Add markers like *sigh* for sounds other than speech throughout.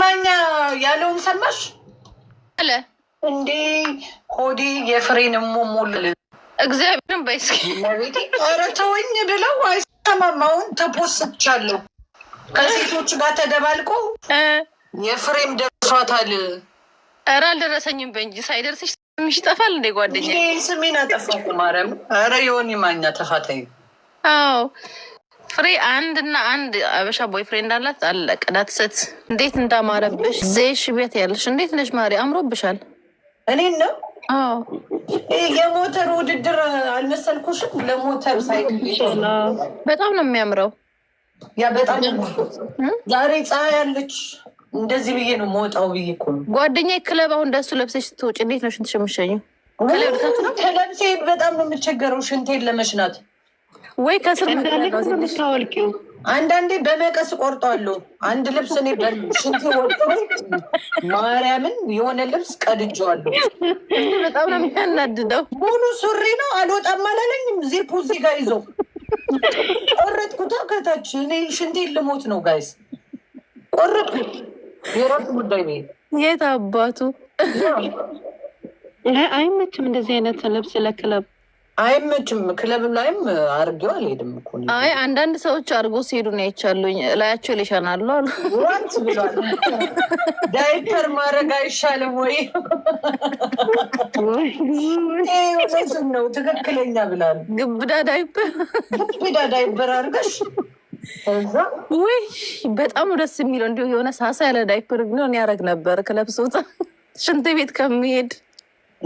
ማኛ ያለውን ሰማሽ አለ እንዴ? ሆዴ የፍሬን ሞሞል እግዚአብሔርን በይስኪ ኧረ ተወኝ ብለው አይሰማም። አሁን ተፖስቻለሁ ከሴቶች ጋር ተደባልቆ የፍሬም ደርሷታል። ኧረ አልደረሰኝም በእንጂ ሳይደርስሽ ስምሽ ይጠፋል እንዴ ጓደኛ? ስሜን አጠፋኩ ማርያም። ኧረ የሆን ማኛ ተፋታኝ። አዎ ፍሬ አንድ እና አንድ አበሻ ቦይፍሬንድ አላት። አለቀ። ዳትሰት እንዴት እንዳማረብሽ ዜሽ ቤት ያለሽ እንዴት ነሽ ማሪ? አምሮብሻል። እኔ ነው የሞተር ውድድር አልመሰልኩሽም? ለሞተር ሳይክል በጣም ነው የሚያምረው። ያ በጣም ዛሬ ፀሐይ ያለች እንደዚህ ብዬ ነው መወጣው ብዬ እኮ ነው። ጓደኛ ክለብ አሁን እንደሱ ለብሰሽ ስትወጪ እንዴት ነው ሽንትሽ የምትሸኘው? ከለብሴ በጣም ነው የምቸገረው ሽንቴን ለመሽናት ወይ ከስር ምታወልቂው አንዳንዴ በመቀስ ቆርጧለሁ። አንድ ልብስ እኔ በሽንት ወጥቶ ማርያምን የሆነ ልብስ ቀድጄዋለሁ። በጣም ነው የሚያናድደው። ሙሉ ሱሪ ነው አልወጣም አላለኝም። ዚፑ እዚህ ጋር ይዞ ቆረጥኩታ ከታች። እኔ ሽንቴ ልሞት ነው ጋይስ፣ ቆረጥኩ። የራሱ ጉዳይ ነው። የት አባቱ አይመችም እንደዚህ አይነት ልብስ ለክለብ አይመችም። ክለብ ላይም አርጌው አልሄድም እኮ አይ አንዳንድ ሰዎች አርጎ ሲሄዱ ነው አይቻሉኝ። ላያቸው ሊሸናሉ አሉ ወንት ብሏል። ዳይፐር ማድረግ አይሻልም ወይ ስም ነው ትክክለኛ ብላል። ግብዳ ዳይፐር ግብዳ ዳይፐር አርገሽ ወይ በጣም ደስ የሚለው እንዲሁ የሆነ ሳሳ ያለ ዳይፐር ቢሆን ያደርግ ነበር ክለብ ስወጣ ሽንት ቤት ከሚሄድ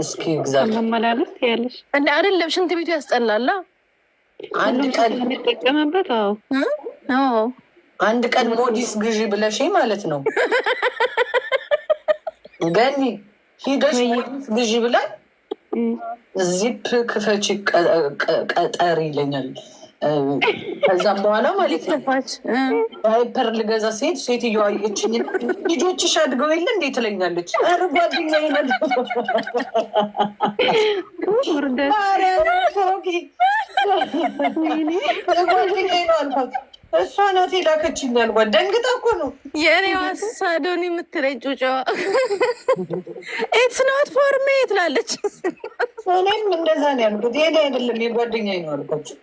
እስኪ እግዚአብሔር ያለሽ እንደ አይደለም። ሽንት ቤቱ ያስጠላላ። አንድ ቀን የሚጠቀምበት አንድ ቀን ሞዲስ ግዢ ብለሽ ማለት ነው ገኒ ሂደሽ ሞዲስ ግዢ ብለን ዚፕ ክፈች ቀጠር ይለኛል። ከዛም በኋላ ማለት ነው ዳይፐር ልገዛ ሴት ሴትዮዋ አየችኝ። ልጆችሽ አድገው የለ እንዴ ትለኛለች። ኧረ ጓደኛ ነው እሷ ናት የላከችኝ አልኳት። ደንግጣ እኮ ነው የኔ ዋሳዶን የምትለኝ ጩጫዋ ኢትስ ኖት ፎር ሚ ትላለች። እኔም እንደዛ ነው ያልኩት። የእኔ አይደለም የጓደኛ ነው አልኳቸው።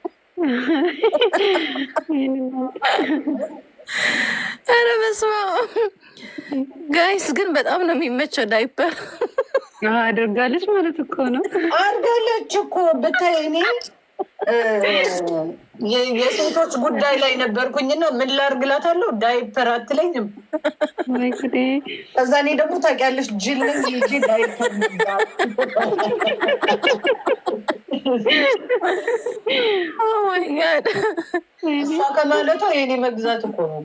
ኧረ በስመ አብ ጋይስ፣ ግን በጣም ነው የሚመቸው ዳይፐር አድርጋለች ማለት እኮ ነው። አድርጋለች እኮ ብታይ እኔ የሴቶች ጉዳይ ላይ ነበርኩኝና ምን ላድርግ እላታለሁ። ዳይፐር አትለኝም። ከዛ እኔ ደግሞ ታውቂያለሽ ጅል ይዤ ዳይፐር እሷ ከማለቷ የኔ መግዛት እኮ ነው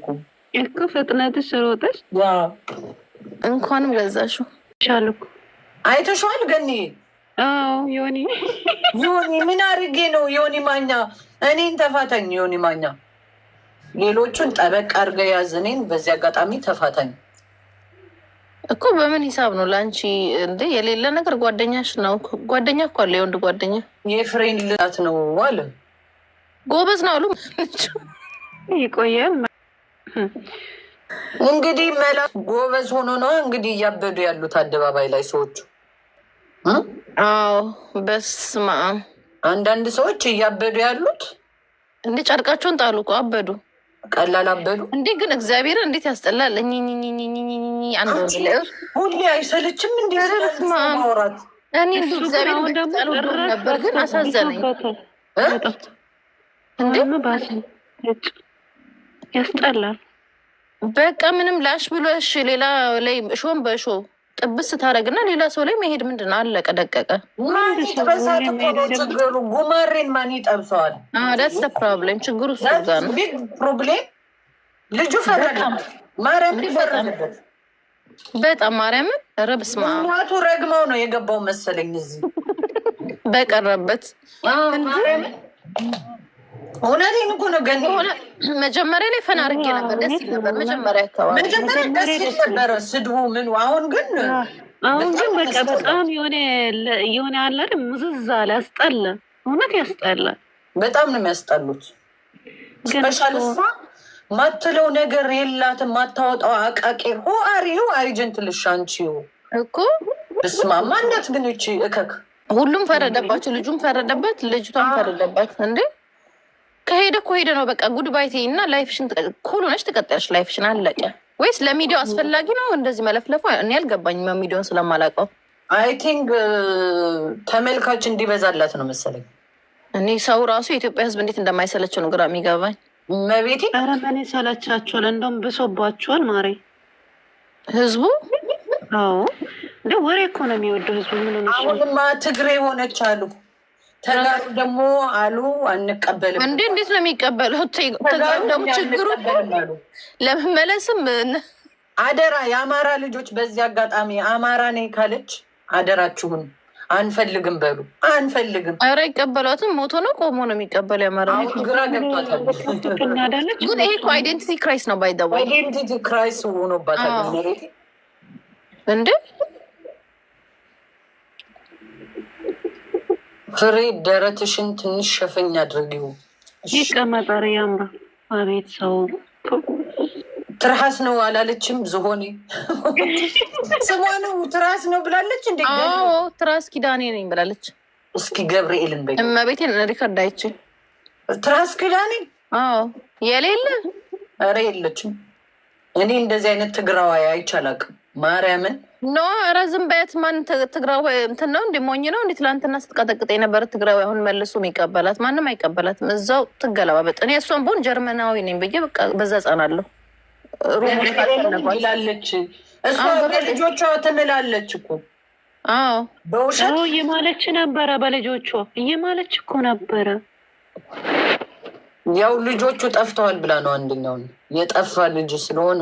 እኮ ፍጥነትሽ ሮጠሽ እንኳንም ገዛሽው ሻልኩ አይተሸዋል ገን ዮኒ ዮኒ ምን አድርጌ ነው ዮኒ ማኛ? እኔን ተፋታኝ ዮኒ ማኛ። ሌሎቹን ጠበቅ አድርገ ያዝ፣ እኔን በዚህ አጋጣሚ ተፋታኝ። እኮ በምን ሂሳብ ነው ለአንቺ እንደ የሌለ ነገር ጓደኛሽ ነው። ጓደኛ እኮ አለ፣ የወንድ ጓደኛ የፍሬን ልት ነው አለ። ጎበዝ ነው አሉ። ይቆያል እንግዲህ መላ ጎበዝ ሆኖ ነ እንግዲህ እያበዱ ያሉት አደባባይ ላይ ሰዎቹ አዎ በስመ አብ። አንዳንድ ሰዎች እያበዱ ያሉት እንዴ! ጨርቃቸውን ጣሉ እኮ አበዱ። ቀላል አበዱ እንዴ! ግን እግዚአብሔርን እንዴት ያስጠላል። ሁሌ አይሰለችም እንዴ ግን አሳዘነኝ። ያስጠላል። በቃ ምንም ላሽ ብሎ እሺ፣ ሌላ ላይ እሾን በእሾ ጥብስ ስታደርግና ሌላ ሰው ላይ መሄድ ምንድን ነው? አለቀ ደቀቀ። ጉማሬን ማን ይጠብሰዋል? ደስ ፕሮብሌም፣ ችግሩ እሱ እዛ ነው። ፕሮብሌም ልጁ ፈረደ፣ ማርያምን ፈረደበት በጣም ማርያምን ረብስ ማቱ ረግመው ነው የገባው መሰለኝ እዚህ በቀረበት እውነቴን እኮ ነው። ገና መጀመሪያ ላይ ፈን አድርጌ ነበር፣ ደስ ይል ነበር። መጀመሪያ አካባቢ መጀመሪያ ደስ ይል ነበር ስድቡ ምኑ። አሁን ግን አሁን ግን በቃ በጣም የሆነ የሆነ አለ አይደል ሙዝዝ አለ፣ ያስጠላ። እውነት ያስጠላ። በጣም ነው የሚያስጠሉት። ስፔሻል እሷ ማትለው ነገር የላትም ማታወጣው አቃቂ አቃቄ ሆአሪ አሪጀንት ልሻንቺው እኮ ስማ፣ ማነት ግን እቺ እከክ ሁሉም ፈረደባቸው። ልጁም ፈረደበት፣ ልጅቷም ፈረደባት እንዴ ከሄደ እኮ ሄደ ነው በቃ ጉድ ባይ እና ላይፍሽን ኩል ነች ትቀጥያለሽ። ላይፍሽን አለቀ። ወይስ ለሚዲያው አስፈላጊ ነው እንደዚህ መለፍለፉ? እኔ አልገባኝም። የሚዲያውን ስለማላውቀው አይ ቲንክ ተመልካች እንዲበዛላት ነው መሰለኝ። እኔ ሰው ራሱ የኢትዮጵያ ህዝብ እንዴት እንደማይሰለቸው ነው ግራ የሚገባኝ። መቤቴ ኧረ ምን ይሰለቻችኋል? እንደውም ብሶባችኋል ማሬ ህዝቡ አዎ፣ እንደ ወሬ እኮ ነው የሚወደው ህዝቡ። ምን ሆነች አሁንማ ትግሬ ሆነች አሉ ተጋሩ ደግሞ አሉ አንቀበልም። እንዲ እንዴት ነው የሚቀበለው? ተጋሩ ደግሞ ችግሩ ለመመለስም አደራ የአማራ ልጆች በዚህ አጋጣሚ አማራ ነኝ ካለች አደራችሁን አንፈልግም በሉ አንፈልግም። ኧረ ይቀበሏትም። ሞቶ ነው ቆሞ ነው የሚቀበሉ የአማራ ግራ ገብቷታል። ግን ይሄ እኮ አይደንቲቲ ክራይስ ነው ባይዘ አይደንቲቲ ክራይስ ሆኖባታል እንዴ ፍሬ ደረትሽን ትንሽ ሸፈኝ አድርጊው። ይቀመጠር ቀመጠሪ ያምራ። አቤት ሰው ትርሃስ ነው አላለችም? ዝሆኔ ስሟ ነው ትርሃስ ነው ብላለች። እንዴ? አዎ ትርሃስ ኪዳኔ ነኝ ብላለች። እስኪ ገብርኤልን በይ። እመቤቴን ሪከርድ አይችል ትርሃስ ኪዳኔ አዎ የሌለ ኧረ የለችም። እኔ እንደዚህ አይነት ትግራዋይ አይቻላቅም። ማርያምን ኖ ረዝም ዝም ማን ትግራዊ እንትን ነው እንዲ ሞኝ ነው እንዲ ትላንትና ስትቀጠቅጥ የነበረ ትግራዊ አሁን መልሶ ይቀበላት? ማንም አይቀበላትም። እዛው ትገለባበጥ። እኔ እሷን ቦን ጀርመናዊ ነኝ ብዬ በዛ ጸናለሁ። ሩላለች እሷ በልጆቿ ትምላለች እኮ በውሸት እየማለች ነበረ። በልጆቿ እየማለች እኮ ነበረ። ያው ልጆቹ ጠፍተዋል ብላ ነው አንደኛውን የጠፋ ልጅ ስለሆነ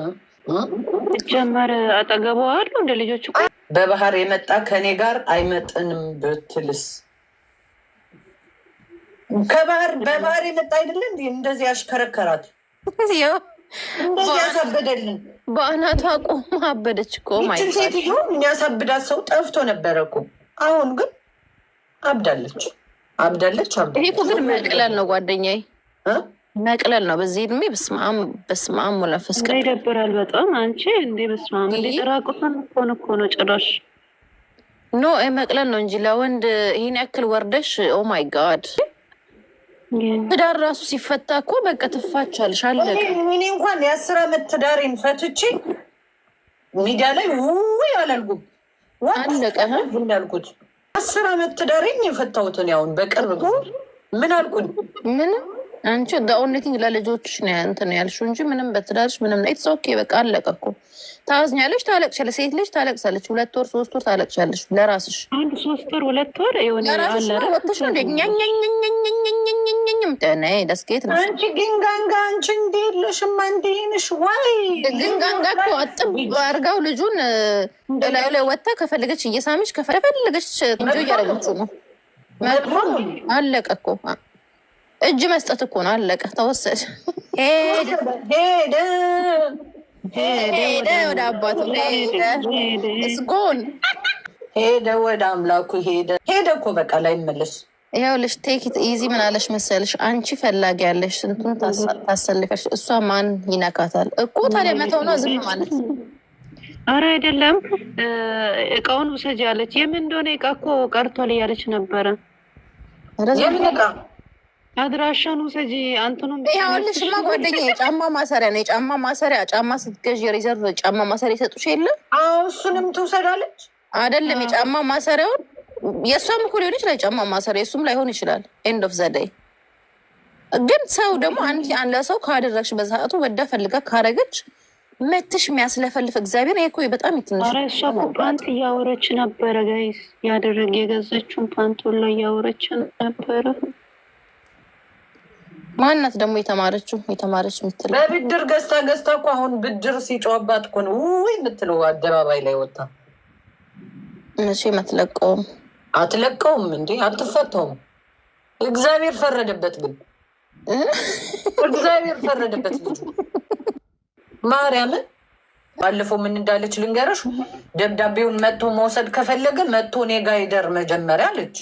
ጀመር አጠገቡ አሉ እንደ ልጆች በባህር የመጣ ከኔ ጋር አይመጥንም ብትልስ ከባህር በባህር የመጣ አይደለ እንዲ እንደዚህ ያሽከረከራት እንደዚህ ያሳበደልን በአናቷ ቆሞ አበደች እኮ ማይችን ሴትዮ የሚያሳብዳት ሰው ጠፍቶ ነበረ እኮ አሁን ግን አብዳለች አብዳለች አብዳለች ይሄ ግን መቅለል ነው ጓደኛዬ መቅለል ነው በዚህ እድሜ። በስማም በስማም ወለፈስ ይደብራል በጣም አንቺ እንዴ! በስማም እንዴ! ራቁትን ኮን እኮ ነው ጭራሽ። ኖ መቅለል ነው እንጂ ለወንድ ይህን ያክል ወርደሽ ኦ ማይ ጋድ። ትዳር ራሱ ሲፈታ እኮ በቃ ትፋቻለሽ፣ አለቀ። እኔ እንኳን የአስር አመት ትዳሬን ፈትቼ ሜዳ ላይ ውይ አላልኩም፣ አለቀ እንዳልኩት አስር አመት ትዳሬን የፈታሁትን ያሁን በቅርብ ምን አልኩኝ ምንም አንቺ ኦንሊቲንግ ለልጆች እንትን ያልሽው እንጂ ምንም በትዳርሽ ምንም ኢትስ ኦኬ በቃ አለቀ እኮ። ታዝኛለሽ፣ ታለቅሻለሽ። ሴት ልጅ ታለቅሳለች፣ ሁለት ወር ሶስት ወር ታለቅሻለሽ ለራስሽ። አንድ ሶስት ወር ሁለት ወር ሆነወጥሽ ደስኬት ነው። አንቺ ግንጋንጋ አንቺ እንዴለሽማ እንዲህንሽ ወይ ግንጋንጋ እኮ አጥብ አርጋው ልጁን ላዩ ላይ ወጥታ ከፈለገች እየሳመች ከፈለገች እንጆ እያደረገችው ነው። አለቀ እኮ እጅ መስጠት እኮ ነው። አለቀ፣ ተወሰደ፣ ሄደ፣ ሄደ ወደ አባቱ ሄደ፣ እስጎን ሄደ፣ ወደ አምላኩ ሄደ፣ ሄደ እኮ በቃ ላይ ላይመለስ። ይኸውልሽ ቴክት ኢዚ ምን አለሽ መሰልሽ? አንቺ ፈላጊ ያለሽ ስንቱን ታሰልፈሽ፣ እሷ ማን ይነካታል እኮ። ታዲያ መተው ነው ዝም ማለት አረ አይደለም። እቃውን ውሰጅ ያለች የምን እንደሆነ እቃ እኮ ቀርቷል እያለች ነበረ። እቃ አድራሻን ውሰጂ። አንተንም ሁልሽማ ጓደኛ የጫማ ማሰሪያ ነው። የጫማ ማሰሪያ ጫማ ስትገዥ የሪዘርቭ ጫማ ማሰሪያ ይሰጡሽ የለም? እሱንም ትውሰዳለች አይደለም? የጫማ ማሰሪያውን የእሷም እኮ ሊሆን ይችላል፣ የጫማ ማሰሪያ የእሱም ላይሆን ይችላል። ኤንድ ኦፍ ዘደይ ግን ሰው ደግሞ አንድ ሰው ካደረግሽ በሰዓቱ ወዳ ፈልጋ ካረገች መትሽ የሚያስለፈልፍ እግዚአብሔር ይኮ በጣም ይትንሽ። ኧረ እሷ እኮ ፓንት እያወረች ነበረ ጋይስ፣ ያደረግ የገዛችውን ፓንት ላይ እያወረች ነበረ ማናት ደግሞ የተማረችው የተማረች ምትል በብድር ገዝታ ገዝታ እኮ አሁን ብድር ሲጮባት እኮ ነው ወይ የምትለው አደባባይ ላይ ወጣ እነሱ አትለቀውም አትለቀውም እንዴ አትፈታውም እግዚአብሔር ፈረደበት ግን እግዚአብሔር ፈረደበት ልጁ ማርያምን ባለፈው ምን እንዳለች ልንገረሽ ደብዳቤውን መጥቶ መውሰድ ከፈለገ መጥቶ ኔጋ ይደር መጀመሪያ አለች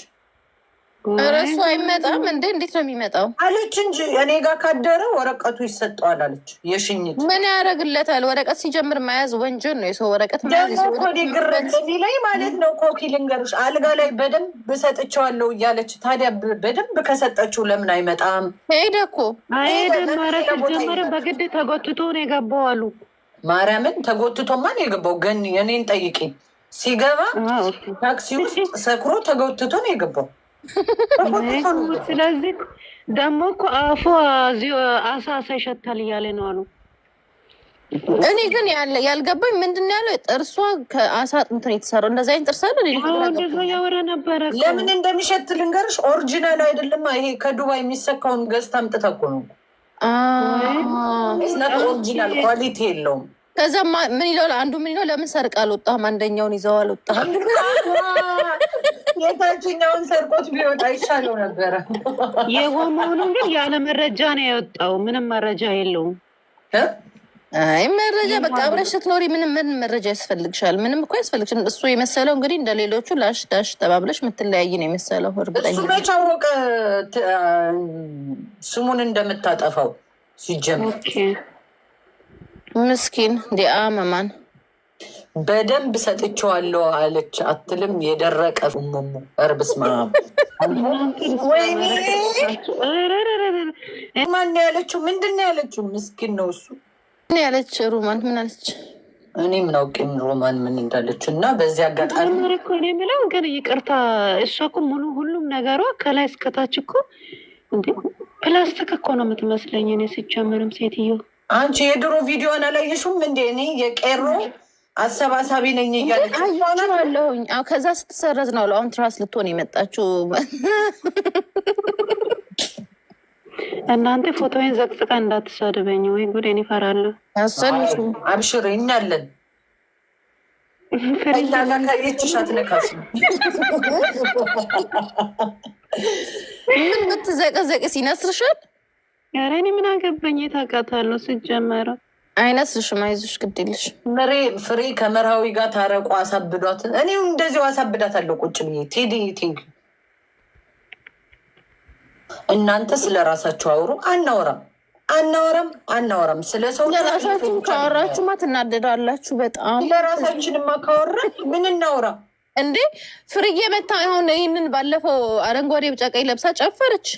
እረሱ አይመጣም እንዴ? እንዴት ነው የሚመጣው? አለች እንጂ እኔ ጋር ካደረ ወረቀቱ ይሰጠዋል አለች። የሽኝት ምን ያደርግለታል? ወረቀት ሲጀምር መያዝ ወንጀል ነው። የሰው ወረቀት ግረት ላይ ማለት ነው። ኮኪ ልንገርሽ፣ አልጋ ላይ በደንብ ሰጥቼዋለሁ እያለች ታዲያ በደንብ ከሰጠችው ለምን አይመጣም? ሄደ እኮ ሄደ። ጀመረ። በግድ ተጎትቶ ነው የገባው አሉ። ማርያምን ተጎትቶማ ነው የገባው። ገን የኔን ጠይቂ፣ ሲገባ ታክሲ ውስጥ ሰክሮ ተጎትቶ ነው የገባው። ስለዚህ ደግሞ እኮ አፉ አሳ ይሸታል እያለ ነው አሉ። እኔ ግን ያልገባኝ ምንድን ነው ያለው ጥርሷ ከአሳ ጥንት ነው የተሰራው። እንደዚ አይነት ጥርስ አለ ያወራ ነበረ። ለምን እንደሚሸት ልንገርሽ፣ ኦሪጂናል አይደለም ይሄ ከዱባይ የሚሰካውን ገዝታ አምጥታ ነው። ኦሪጂናል ኳሊቲ የለውም። ከዛ ምን ይለው አንዱ ምን ይለው ለምን ሰርቅ አልወጣም? አንደኛውን ይዘው አልወጣም የታችኛውን ሰርቆት ቢወጣ ይሻለው ነበረ። *laughs* ግን ያለ መረጃ ነው የወጣው። ምንም መረጃ የለውም። አይ መረጃ በቃ አብረሽ ስትኖሪ ምንም ምን መረጃ ያስፈልግሻል? ምንም እኮ እሱ የመሰለው እንግዲህ እንደ ሌሎቹ ላሽ ዳሽ ተባብለሽ የምትለያይ ነው የመሰለው። እሱ መች አወቀ ስሙን እንደምታጠፋው ሲጀምር። ምስኪን ዲአ መማን በደንብ ሰጥቼዋለሁ አለች አትልም። የደረቀ ሙሙ እርብስ ማን ያለችው? ምንድን ያለችው? ምስኪን ነው እሱ። ያለች ሮማን? ምን አለች? እኔ ምን አውቄም ሮማን ምን እንዳለች እና በዚህ አጋጣሚ እኔ የምለው ግን ይቅርታ፣ እሷ እኮ ሙሉ ሁሉም ነገሯ ከላይ እስከታች እኮ ፕላስቲክ እኮ ነው የምትመስለኝ እኔ ሲጀምርም ሴትዮ አንቺ የድሮ ቪዲዮን አላየሽም እንዴ? እኔ የቀሮ አሰባሳቢ ነኝ እያለሁኝ ከዛ ስትሰረዝ ነው ለአሁን ትራስ ልትሆን የመጣችው። እናንተ ፎቶዬን ዘቅዝቃ እንዳትሳድበኝ። ወይ ጉድ! እኔ እፈራለሁ። አብሽር፣ እኛ አለን። ምን ምትዘቀዘቅ ሲነስርሻል? ኧረ እኔ ምን አገባኝ? የት አውቃታለሁ ስጀመረው አይነስሽም፣ አይዞሽ፣ ግድልሽ የለሽ ፍሬ ከመርሃዊ ጋር ታረቁ፣ አሳብዷት። እኔ እንደዚሁ አሳብዳት አለው ቁጭ ብዬ ቴዲ ቴንክ እናንተ ስለ ራሳችሁ አውሩ። አናወራም አናወራም አናወራም ስለ ሰው ለራሳችሁ ካወራችሁማ ትናደዳላችሁ በጣም። ለራሳችንማ ካወራ ምን እናውራ እንዴ? ፍርዬ መታ የሆነ ይህንን ባለፈው አረንጓዴ ቢጫ ቀይ ለብሳ ጨፈረች።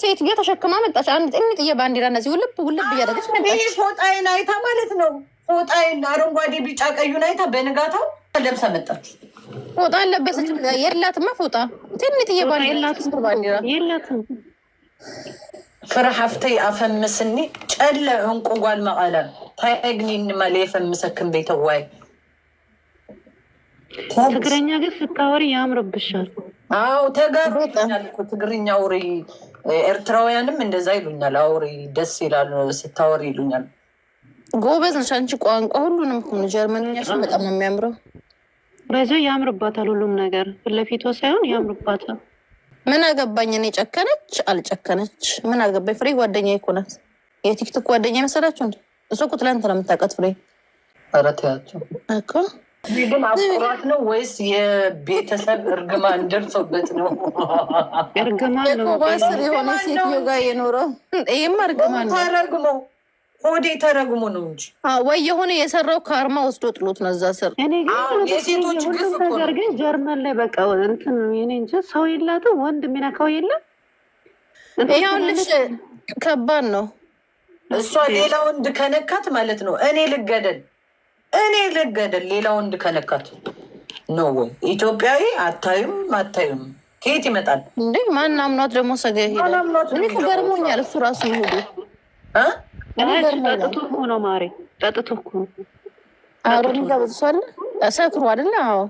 ሴትዮ ተሸክማ መጣች። አንድ ጥንጥዬ ባንዲራ እነዚህ ውልብ ውልብ እያደረገች ፎጣዬን አይታ ማለት ነው። ፎጣዬን አረንጓዴ፣ ቢጫ ቀዩን አይታ በንጋታው ለብሳ መጣች። ፎጣ አለበሰች። የላትማ ፎጣ ትንጥዬ ባንዲራ የላትም። ፍርሃፍተይ አፈምስኒ ጨለ እንቁጓል መቀለ ታግኒ እንመለ የፈምሰክን ቤተዋይ ትግረኛ ግን ስታወሪ ያምርብሻል። አዎ ተጋሩ ትግርኛ ውሪ ኤርትራውያንም እንደዛ ይሉኛል። አውሪ ደስ ይላሉ ስታወሪ ይሉኛል። ጎበዝ ነሽ አንቺ ቋንቋ ሁሉንም ጀርመንኛሽ በጣም ነው የሚያምረው። በዚ ያምርባታል፣ ሁሉም ነገር ፊት ሳይሆን ያምርባታል። ምን አገባኝ እኔ ጨከነች አልጨከነች ምን አገባኝ። ፍሬ ጓደኛ ይኮናት የቲክቶክ ጓደኛ መሰላችሁ እንዴ? እሱ እኮ ትላንት ነው የምታውቃት ፍሬ ረትያቸው ግን አስኩራት ነው ወይስ የቤተሰብ እርግማን ደርሶበት ነው? እርግማን ነውስር የሆነ ሴትዮ ጋር የኖረው ይህም እርግማን ነው። ተረግሞ ሆዴ ተረግሞ ነው እንጂ ወይ የሆነ የሰራው ከአርማ ወስዶ ጥሎት ነው እዛ ስር። እኔ ግን ነገር ግን ጀርመን ላይ በቃ እንትን እኔ እንጂ ሰው የላትም ወንድ የሚነካው የለም። ይኸውልሽ ከባድ ነው። እሷ ሌላ ወንድ ከነካት ማለት ነው እኔ ልገደል እኔ ልገደል ሌላ ወንድ ከነካት ነው ወይ ኢትዮጵያዊ? አታዩም አታዩም ከየት ይመጣል እንዴ? ማን አምኗት ደግሞ ሰገ እኔ ገርሞኛል። እሱ ራሱ ሄዱ ጠጥቶ እኮ ነው ማሬ፣ ጠጥቶ እኮ ሰክሮ አይደለ? አዎ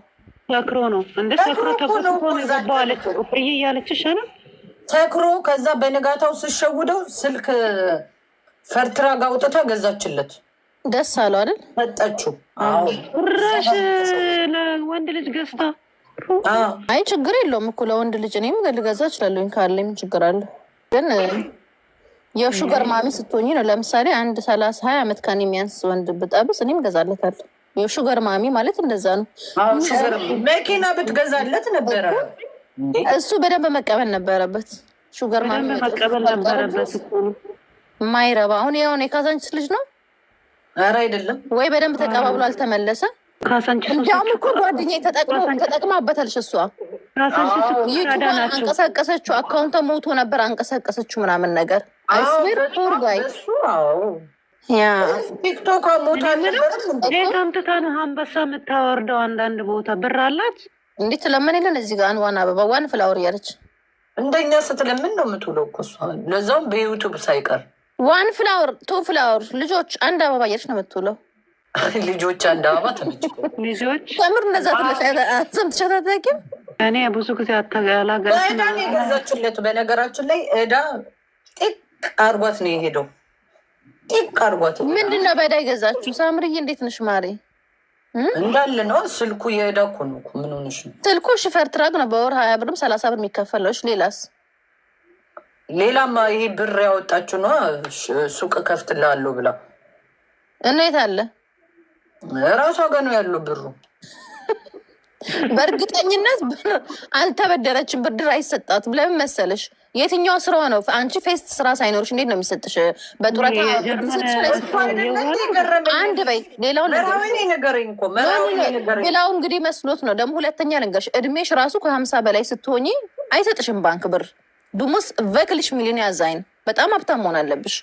ሰክሮ ነው እንደ ሰክሮ ነው ፍርዬ ከዛ በንጋታው ስሸውደው ስልክ ፈርትራ ጋውጥታ ገዛችለት። ደስ አሉ አይደል? መጣችሁ ራሽ ለወንድ ልጅ ገዝታ። አይ ችግር የለውም እኮ ለወንድ ልጅ እኔም ልገዛ እችላለሁኝ ካለኝ ችግር አለ። ግን የሹገር ማሚ ስትሆኝ ነው። ለምሳሌ አንድ ሰላሳ ሀያ ዓመት ከኔ የሚያንስ ወንድ ብጠብስ እኔም እገዛለታለሁ። የሹገር ማሚ ማለት እንደዛ ነው። መኪና ብትገዛለት ነበረ እሱ በደንብ መቀበል ነበረበት። ሹገር ማሚ መቀበል ነበረበት። ማይረባ አሁን የሆነ የካዛንችስ ልጅ ነው ኧረ አይደለም ወይ በደንብ ተቀባብሎ አልተመለሰ። እንዲያውም እኮ ጓደኛ ተጠቅማበታልሽ። እሷ ዩቱቧን አንቀሳቀሰችው፣ አካውንቷ ሞቶ ነበር አንቀሳቀሰችው ምናምን ነገር አይስሜር ፖር ቲክቶክ ሞታ ታምትታ ነው አንበሳ የምታወርደው። አንዳንድ ቦታ ብር አላት እንዴት ለምን የለን እዚህ ጋር ዋን አበባ ዋን ፍላወር ያለች እንደኛ ስትለምን ነው የምትውለው እኮ እሷ ለዛውም በዩቱብ ሳይቀር ዋን ፍላወር ቱ ፍላወር ልጆች አንድ አበባ እያለች ነው የምትውለው። *laughs* ልጆች አንድ አበባ ተመችቶ ልጆች ከምር እነዛ ትለሽ ሰምተሻት አታውቂም? እኔ ብዙ ጊዜ አላገዳ የገዛችለት በነገራችን ላይ እዳ ጢቅ አርጓት ነው የሄደው። ጢቅ አርጓት ምንድን ነው በእዳ የገዛችሁ? ሳምርዬ እንዴት ነሽ ማሬ? እንዳለ ነው ስልኩ የእዳ እኮ ነው። ምን ሆነሽ ነው ስልኩ? ሽፈር ትራግ ነው በወር ሀያ ብርም ሰላሳ ብር የሚከፈል ሌላስ ሌላማ ይሄ ብር ያወጣችሁ ነ ሱቅ ከፍትላለሁ ብላ እንዴት አለ ራሷ ጋ ነው ያለው ብሩ። በእርግጠኝነት አልተበደረችም። ብድር አይሰጣትም። ለምን መሰለሽ? የትኛው ስራ ነው? አንቺ ፌስት ስራ ሳይኖርሽ እንዴት ነው የሚሰጥሽ? በጡረታ አንድ በይ። ሌላው ሌላው እንግዲህ መስሎት ነው ደግሞ። ሁለተኛ ነገርሽ እድሜሽ ራሱ ከሀምሳ በላይ ስትሆኝ አይሰጥሽም ባንክ ብር Du musst wirklich ሚሊዮኒያ ዛይን በጣም ሀብታም መሆን አለብሽ።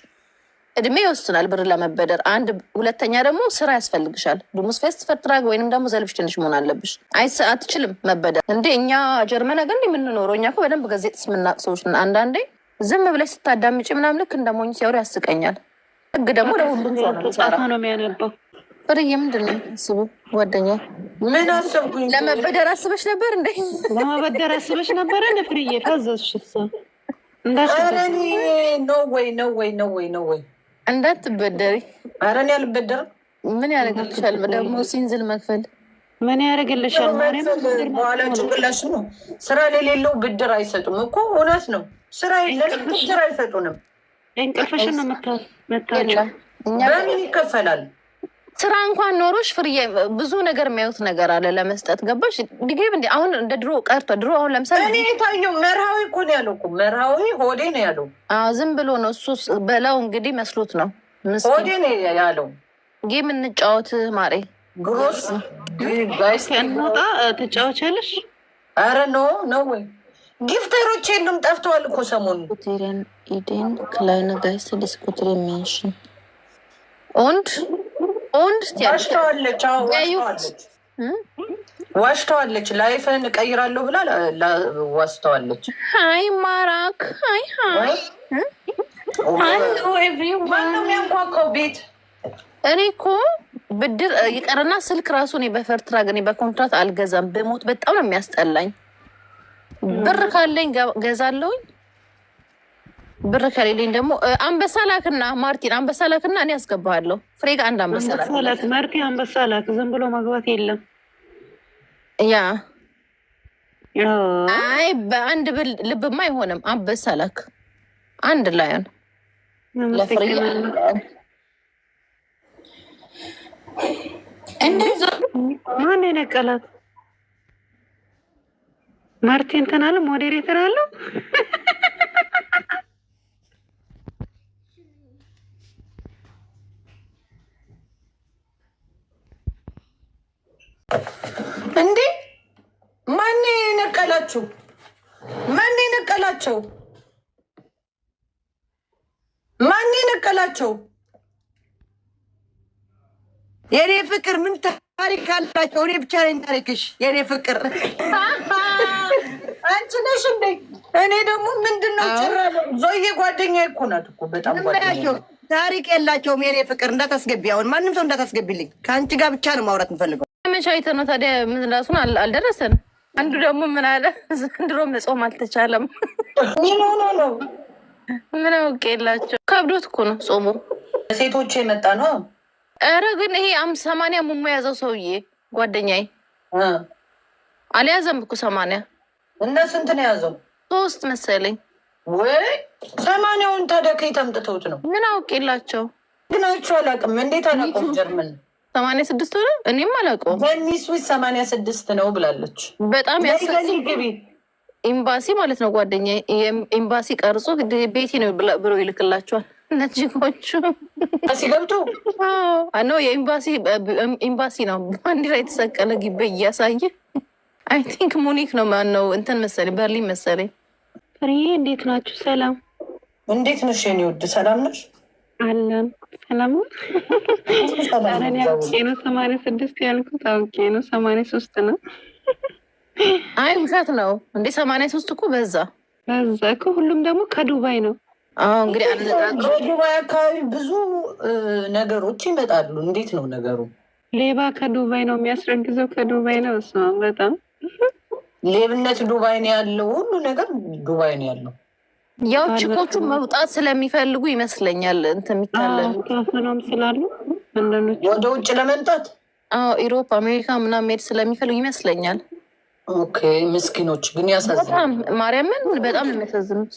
እድሜ ይወስናል ብር ለመበደር አንድ ሁለተኛ ደግሞ ስራ ያስፈልግሻል። ዱሙስ ፌስት ፈርትራግ ወይንም ደግሞ ዘልብሽ ትንሽ መሆን አለብሽ። አይስ አትችልም መበደር እንዴ እኛ ጀርመን ግን የምንኖረው እኛ በደንብ ጋዜጥስ የምናቅ ሰዎች አንዳንዴ ዝም ብለሽ ስታዳምጪ ምናምን ልክ እንደሞኝ ሲያወሩ ያስቀኛል። ህግ ደግሞ ለሁሉም ሰው ነው የሚያነበው። ፍርዬ ምንድን ነው ስቡ ጓደኛ ምን አሰብኩኝ? ለመበደር አስበሽ ነበር እንደ ለመበደር አስበሽ ነበረ እንደ ፍርዬ ታዘዝሽ ወይ ነው ወይ ነው እንዳትበደሪ። ኧረ እኔ አልበደርም። ምን ያደርግልሻል ደግሞ ሲንዝል መክፈል ምን ያደርግልሻል? በኋላ ጭንቅላሽ ነው። ስራ ለሌለው ብድር አይሰጡም እኮ እውነት ነው። ስራ የለን ብድር አይሰጡንም። እንቅልፍሽን ነው መታ በምን ይከፈላል? ስራ እንኳን ኖሮሽ ፍርዬ ብዙ ነገር የሚያዩት ነገር አለ ለመስጠት ገባሽ። ዲግሪም እንዲ አሁን እንደ ድሮ ቀርቶ ድሮ አሁን ለምሳሌ እኔ ታየው መርሃዊ እኮ ነው ያለው መርሃዊ ሆዴ ነው ያለው። ዝም ብሎ ነው እሱ በለው እንግዲህ መስሎት ነው ሆዴ ነው ያለው። ጌም እንጫወት ማሬ ግሮስ ጋይስንወጣ ትጫወቻለሽ። አረ ኖ ነው ወይ ጊፍተሮች የሉም ጠፍተዋል እኮ ሰሞኑን ኢዴን ክላይነ ጋይስ ዲስኩትሪ ሜንሽን ኦንድ ዋሽተዋለች። ላይፍን እቀይራለሁ ብላ ዋስተዋለች። አይ ማራክ አይ ያንኳኳው ቤት እኔ እኮ ብድር ይቀርና ስልክ ራሱ እኔ በፈርትራግ እኔ በኮንትራት አልገዛም። በሞት በጣም ነው የሚያስጠላኝ። ብር ካለኝ ገዛለውኝ ብር ከሌለኝ ደግሞ አንበሳ ላክና ማርቲን አንበሳ ላክና እኔ አስገባሃለሁ። ፍሬ ጋር አንድ አንበሳ ላክ ማርቲ አንበሳ ላክ። ዝም ብሎ መግባት የለም። ያ አይ በአንድ ብል ልብማ አይሆንም። አንበሳ ላክ አንድ ላይን ለፍሬ እንደዛ ማን የነቀላት ማርቲን ትናለ ሞዴሬተር አለው እንዴ ማን የነቀላችሁ? ማን የነቀላቸው? ማን የነቀላቸው? የኔ ፍቅር ምን ታሪክ አላቸው? እኔ ብቻ ነኝ ታሪክሽ። የኔ ፍቅር *laughs* አንቺ ነሽ እንዴ? እኔ ደግሞ ምንድን ነው ጭራለሁ። ዞዬ ጓደኛ እኮ ናት እኮ በጣም ጓደኛ ታሪክ የላቸውም የኔ ፍቅር። እንዳታስገቢ አሁን ማንም ሰው እንዳታስገቢልኝ። ከአንቺ ጋር ብቻ ነው ማውራት የምፈልገው። መቼ አይተህ ነው ታዲያ? ምላሱን አልደረሰን። አንዱ ደግሞ ምን አለ፣ ዘንድሮ መጾም አልተቻለም። ምን አውቅ የላቸው ከብዶት እኮ ነው ጾሙ። ሴቶች የመጣ ነው። ኧረ ግን ይሄ ሰማንያ ሙሙ የያዘው ሰውዬ ጓደኛዬ አልያዘም እኮ ሰማንያ። እና ስንት ነው የያዘው? ሶስት መሰለኝ ወይ ሰማንያውን ታዲያ ከየት አምጥተውት ነው? ምን አውቅ የላቸው ግን አይቼው አላውቅም። እንዴት አላውቅም ጀርመን ሰማንያ ስድስት ሆነ። እኔም አላውቀውም። ኒስዊት ሰማንያ ስድስት ነው ብላለች። በጣም ግቢ ኢምባሲ ማለት ነው ጓደኛ ኤምባሲ ቀርጾ ቤቲ ነው ብሎ ይልክላቸዋል። ነጂጎቹ ሲገብቱ ኖ የኤምባሲ ነው ባንዲራ የተሰቀለ ግቢ እያሳየ አይ ቲንክ ሙኒክ ነው ማን ነው እንትን መሰለኝ በርሊን መሰለኝ። ፍሬ እንዴት ናችሁ? ሰላም እንዴት ነሽ? የኔ ውድ ሰላም ነሽ? አለን ሰማንያ ስድስት ያልኩት አውቄ ነው። ሰማንያ ሶስት ነው። አይ ውሸት ነው እንዴ? ሰማንያ ሶስት እኮ በዛ በዛ እኮ ሁሉም ደግሞ ከዱባይ ነው። እንግዲህ ዱባይ አካባቢ ብዙ ነገሮች ይመጣሉ። እንዴት ነው ነገሩ? ሌባ ከዱባይ ነው የሚያስረግዘው፣ ከዱባይ ነው። እሱ በጣም ሌብነት ዱባይ ነው ያለው፣ ሁሉ ነገር ዱባይ ነው ያለው። ያው ችኮቹ መውጣት ስለሚፈልጉ ይመስለኛል እንትን የሚታለሉ ስላሉ ወደ ውጭ ለመምጣት ኢሮፕ፣ አሜሪካ ምናምን መሄድ ስለሚፈልጉ ይመስለኛል። ኦኬ ምስኪኖች ግን ያሳዝናል። ማርያምን በጣም የሚያሳዝኑት